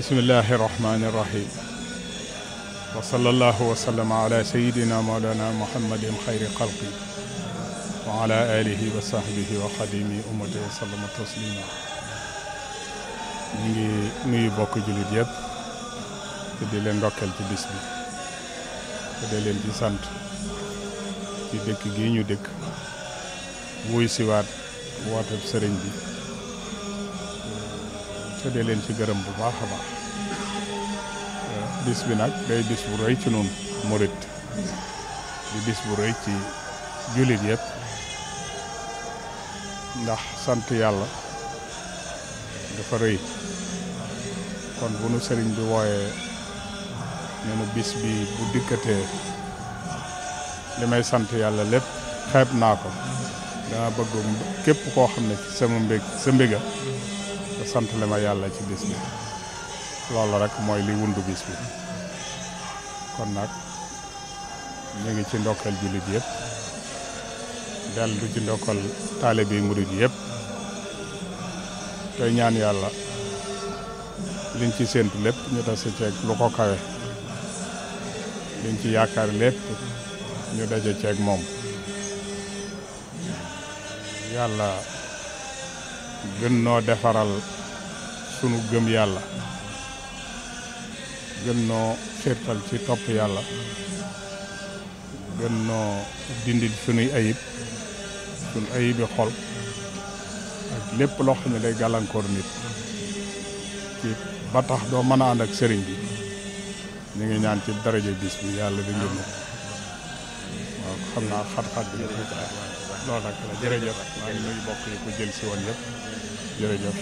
بسم الله الرحمن الرحيم وصلى الله وسلم على سيدنا مولانا محمد خير خلقه وعلى اله وصحبه وخديمي امته وسلم تسليما نيجي نوي بوك جوليت ييب تدي لين دوكال تي بيس بي تدي لين دي سانت تي ديك جي ني ديك ووي سي وات واتب سيرن بي te de leen ci gërëm bu baax a baax bis bi nag day bis bu rëy ci nun murit di bis bu rëy ci jullit yëpp ndax sant yàlla dafa rëy kon bu nu sëriñ bi wooyee ne bis bi bu dikkatee li may sant yàlla lépp xeeb naa ko dama bëgg képp koo xam ne ci sama mbég sa mbéga te sant le yàlla ci bis bi loolu rek mooy li wundu bis bi kon nag ñu ngi ci ndokkal jullit yëpp dellu ci ndokkal taalibe yi murid yëpp tey ñaan yàlla liñ ci séentu lépp ñu ci ceeg lu ko kawe liñ ci yaakaar lépp ñu daje ceeg moom yàlla gën noo defaral sunu gëm yàlla gën noo xirtal ci topp yàlla gën noo dindil sunuy ayib sunu ayibi xol ak lépp loo xam ne day gàllankoor nit ci ba tax doo mën a ànd ak sëriñ bi ñu ngi ñaan ci daraja bis bi yàlla di ngir waaw xam naa xat-xat bi loolu nag la jërëjëf maa ngi nuyu mbokk yi ko jël si woon yëpp jërëjëf.